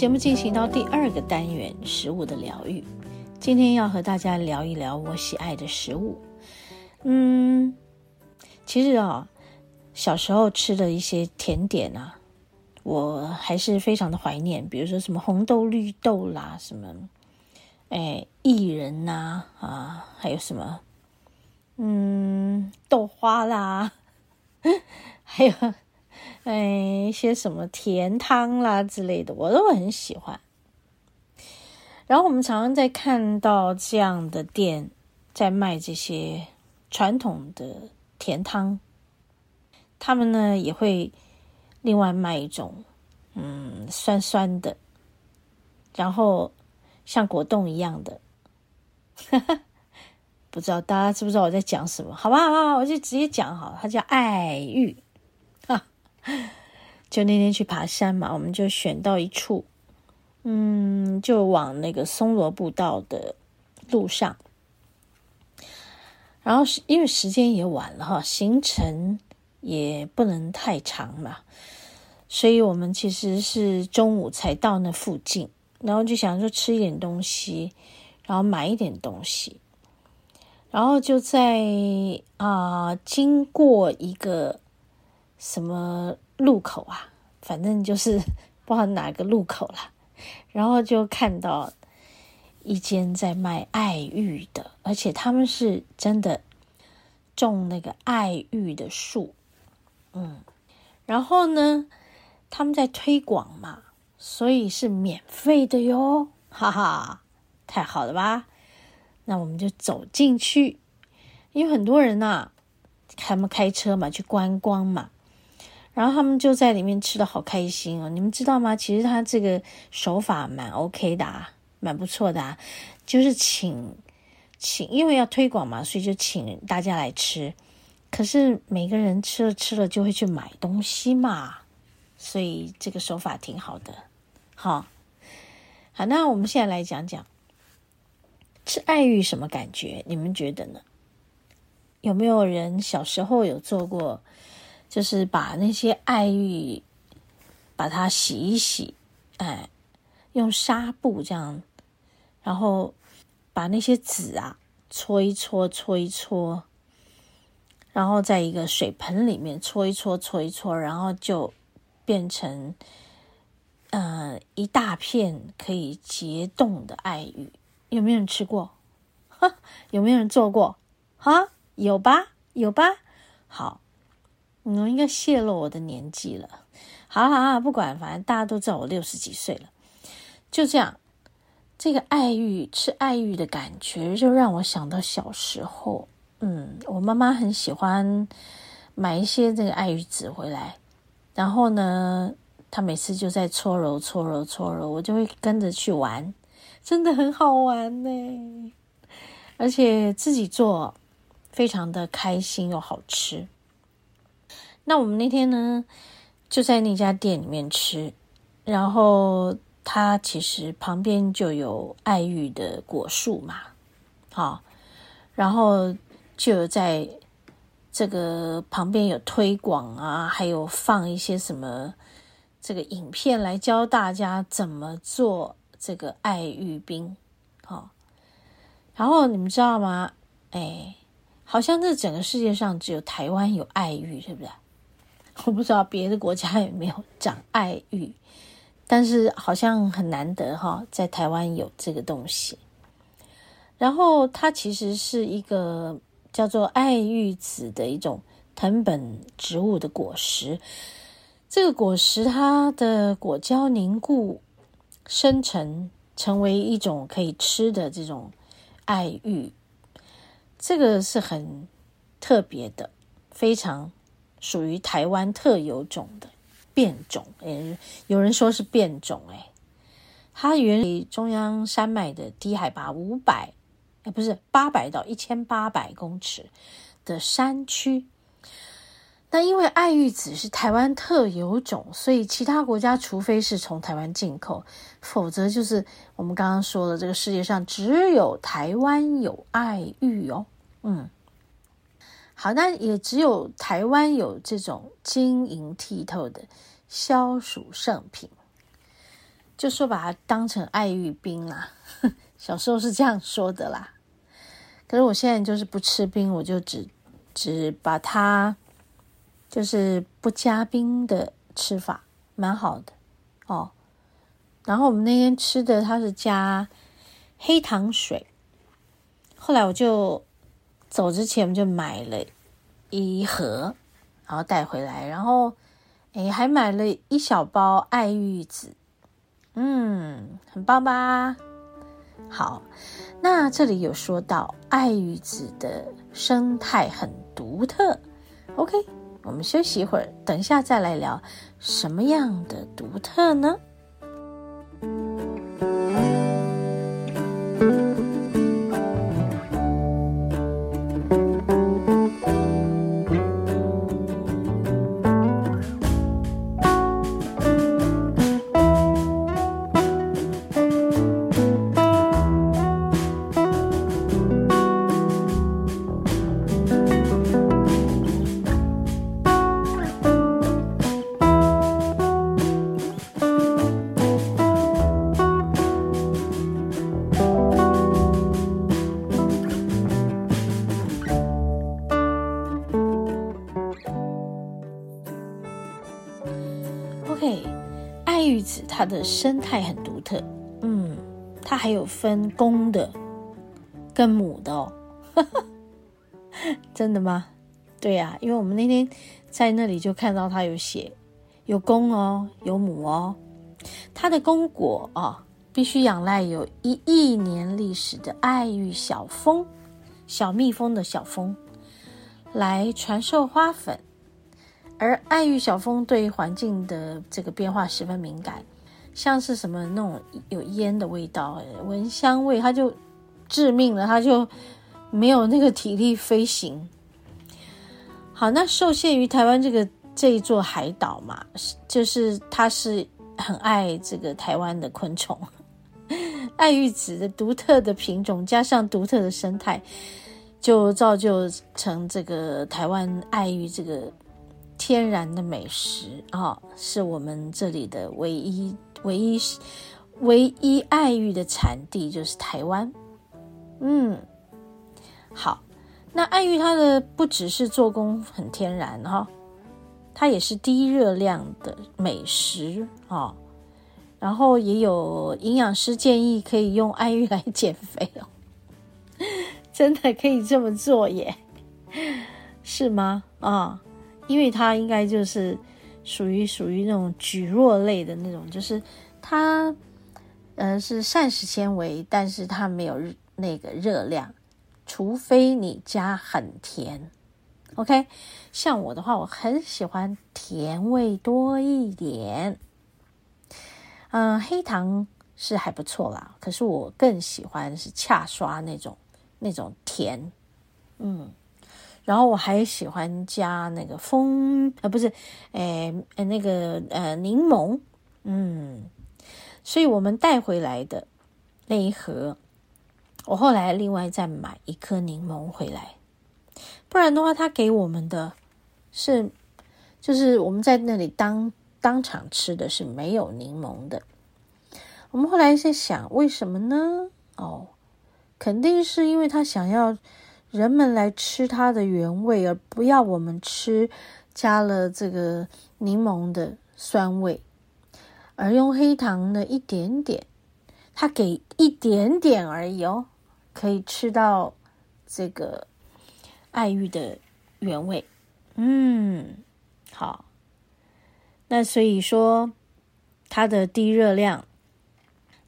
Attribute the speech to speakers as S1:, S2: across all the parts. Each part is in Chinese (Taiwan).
S1: 節目進行到第二個單元，食物的療癒。今天要和大家聊一聊我喜愛的食物。嗯，其實啊、哦，小時候吃的一些甜點啊，我還是非常的懷念。比如說什麼紅豆綠豆啦，什麼哎薏仁吶，啊，還有什麼嗯豆花啦，還有。嗯，哎，一些什麼甜湯啦之類的，我都很喜歡。然後我們常常在看到這樣的店在賣這些傳統的甜湯，他們呢也會另外賣一種，嗯，酸酸的，然後像果凍一樣的。呵呵，不知道大家知不知道我在講什麼？好吧，好吧，好吧，我就直接講好了，它叫愛玉。就那天去爬山嘛，我們就選到一處，嗯，就往那個松蘿步道的路上。然後是因為時間也晚了哈，行程也不能太長嘛，所以我們其實是中午才到那附近，然後就想說吃一點東西，然後買一點東西，然後就在啊、呃，經過一個。什麼路口啊？反正就是不知道哪個路口啦。然後就看到一間在賣愛玉的，而且他們是真的種那個愛玉的樹，嗯。然後呢，他們在推廣嘛，所以是免費的喲，哈哈，太好了吧？那我們就走進去，因為很多人吶、啊，他們開車嘛，去觀光嘛。然後他們就在裡面吃得好開心哦，你們知道嗎？其實他這個手法蠻 OK 的，啊，蠻不錯的，啊。就是請，請，因為要推廣嘛，所以就請大家來吃。可是每個人吃了吃了就會去買東西嘛，所以這個手法挺好的。好，好，那我們現在來講講吃愛玉什麼感覺？你們覺得呢？有沒有人小時候有做過？就是把那些愛玉，把它洗一洗，哎，用紗布這樣，然後把那些籽啊，搓一搓，搓一搓，然後在一個水盆裡面搓一搓，搓一搓，然後就變成嗯、呃、一大片可以結凍的愛玉。有沒有人吃過？哈，有沒有人做過？哈，有吧，有吧，好。你們、嗯、應該泄露我的年紀了，好好好，不管，反正大家都知道我六十幾歲了。就這樣，這個愛玉吃愛玉的感覺，就讓我想到小時候。嗯，我媽媽很喜歡買一些這個愛玉籽回來，然後呢，她每次就在搓揉搓揉搓揉，我就會跟着去玩，真的很好玩呢。而且自己做，非常的開心又好吃。那我們那天呢，就在那家店裡面吃，然後它其實旁邊就有愛玉的果樹嘛，好、哦，然後就在這個旁邊有推廣啊，還有放一些什麼這個影片來教大家怎麼做這個愛玉冰，好、哦，然後你們知道嗎？哎，好像這整個世界上只有台灣有愛玉，對不對？我不知道別的國家有沒有講愛玉，但是好像很難得哈，在台灣有這個東西。然後它其實是一個叫做愛玉子的一種藤本植物的果實，這個果實它的果膠凝固生成，成為一種可以吃的這種愛玉，這個是很特別的，非常。屬於台灣特有種的變種，哎，有人說是變種誒，誒它原於中央山脈的低海拔五百，哎，不是八百到一千八百公尺的山區。但因為愛玉子是台灣特有種，所以其他國家除非是從台灣進口，否則就是我們剛剛說的，這個世界上只有台灣有愛玉哦，嗯。好，那也只有台灣有這種晶瑩剔透的消暑聖品，就說把它當成愛玉冰啦、啊。小時候是這樣說的啦，可是我現在就是不吃冰，我就只只把它就是不加冰的吃法，蠻好的哦。然後我們那天吃的它是加黑糖水，後來我就。走之前我們就買了一盒，然後帶回來，然後誒還買了一小包愛玉子，嗯，很棒吧？好，那這裡有說到愛玉子的生態很獨特，OK，我們休息一會兒，等一下再來聊什麼樣的獨特呢？玉子它的生態很獨特，嗯，它還有分公的跟母的哦， 真的嗎？對呀、啊，因為我們那天在那裡就看到它有寫，有公哦，有母哦，它的公果啊、哦，必須仰賴有一億年歷史的愛玉小蜂、小蜜蜂的小蜂來傳授花粉。而愛玉小蜂對環境的這個變化十分敏感，像是什麼那種有煙的味道、蚊香味，它就致命了，它就沒有那個體力飛行。好，那受限於台灣這個這一座海島嘛，就是它是很愛這個台灣的昆蟲，愛玉子的獨特的品種加上獨特的生態，就造就成這個台灣愛玉這個。天然的美食啊、哦，是我們這裡的唯一、唯一、唯一愛玉的產地，就是台灣。嗯，好，那愛玉它的不只是做工很天然哈、哦，它也是低熱量的美食啊、哦。然後也有營養師建議可以用愛玉來減肥哦， 真的可以這麼做耶？是嗎？啊、哦？因為它應該就是屬於屬於那種蒟蒻類的那種，就是它，呃，是膳食纖維，但是它沒有那個熱量，除非你加很甜，OK？像我的話，我很喜歡甜味多一點，嗯、呃，黑糖是還不錯啦，可是我更喜歡是恰刷那種那種甜，嗯。然後我還喜歡加那個蜂啊，呃、不是，哎那個呃，檸檬，嗯，所以我們帶回來的那一盒，我後來另外再買一顆檸檬回來，不然的話，他給我們的是，就是我們在那裡當當場吃的是沒有檸檬的。我們後來在想，為什麼呢？哦，肯定是因為他想要。人們來吃它的原味，而不要我們吃加了這個檸檬的酸味，而用黑糖的一點點，它給一點點而已哦，可以吃到這個愛玉的原味。嗯，好。那所以說，它的低熱量，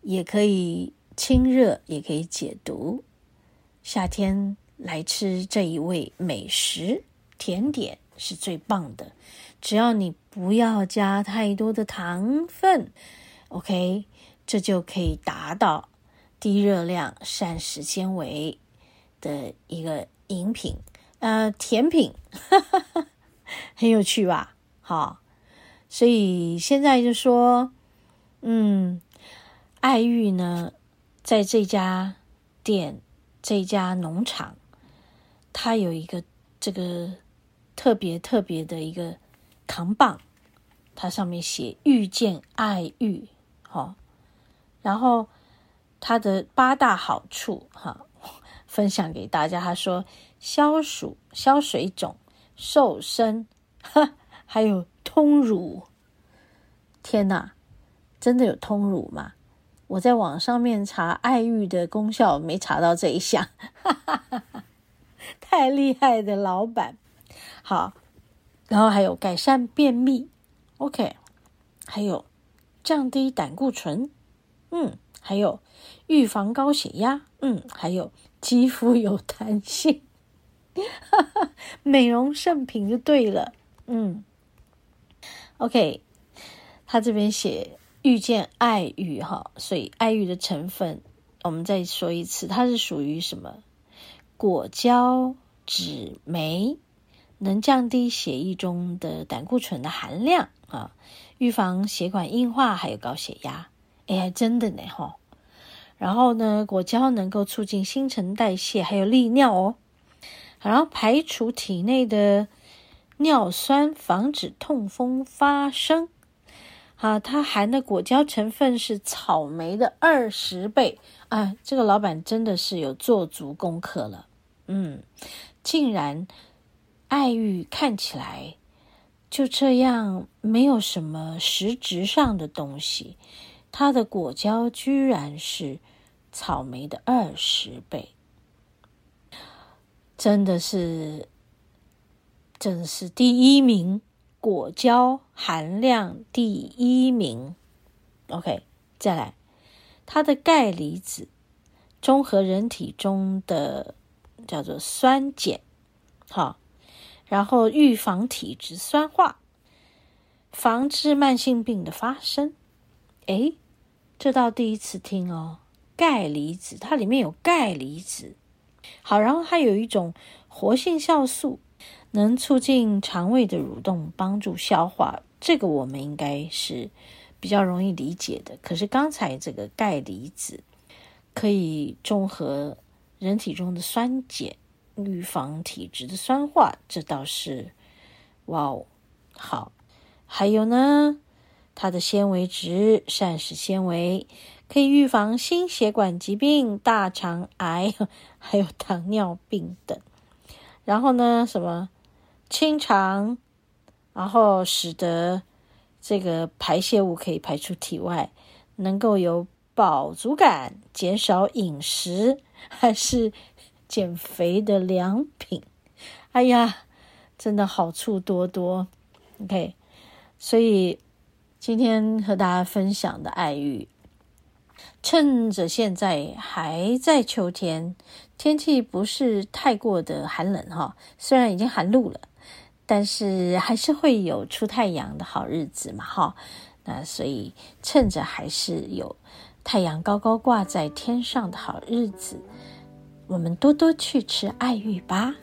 S1: 也可以清熱，也可以解毒，夏天。來吃這一味美食甜點是最棒的，只要你不要加太多的糖分，OK，這就可以達到低熱量、膳食纖維的一個飲品。呃，甜品 很有趣吧？好，所以現在就說，嗯，愛玉呢，在這家店、這家農場。他有一個這個特別特別的一個扛棒，它上面寫“遇見愛玉”哈、哦，然後它的八大好處哈、哦，分享給大家。他說消暑、消水腫、瘦身，還有通乳。天吶，真的有通乳嗎？我在網上面查愛玉的功效，沒查到這一項。哈哈哈哈。太厲害的老闆，好，然後還有改善便秘，OK，還有降低膽固醇，嗯，還有預防高血壓，嗯，還有肌膚有彈性， 美容聖品就對了，嗯，OK，他這邊寫遇見愛玉哈，所以愛玉的成分，我們再說一次，它是屬於什麼？果膠酯酶能降低血液中的膽固醇的含量啊，預防血管硬化，還有高血壓。哎呀，真的呢吼。然後呢，果膠能夠促進新陳代謝，還有利尿哦，然後排除體內的尿酸，防止痛風發生。啊，它含的果膠成分是草莓的二十倍啊！這個老闆真的是有做足功課了，嗯，竟然，愛玉看起來就這樣，沒有什麼實質上的東西，它的果膠居然是草莓的二十倍，真的是，真的是第一名。果膠含量第一名，OK，再來，它的鈣離子中和人體中的叫做酸鹼，好，然後預防體質酸化，防治慢性病的發生。哎，這道第一次聽哦，鈣離子它裡面有鈣離子，好，然後它有一種活性酵素。能促進腸胃的蠕動，幫助消化，這個我們應該是比較容易理解的。可是剛才這個鈣離子可以中和人體中的酸鹼，預防體質的酸化，這倒是哇哦好。還有呢，它的纖維質，膳食纖維可以預防心血管疾病、大腸癌，還有糖尿病等。然後呢？什麼？清腸，然後使得這個排泄物可以排出體外，能夠有飽足感，減少飲食，還是減肥的良品。哎呀，真的好處多多。OK，所以今天和大家分享的愛玉。趁着現在還在秋天，天氣不是太過的寒冷哈，雖然已經寒露了，但是還是會有出太陽的好日子嘛哈。那所以趁着還是有太陽高高掛在天上的好日子，我們多多去吃愛玉吧。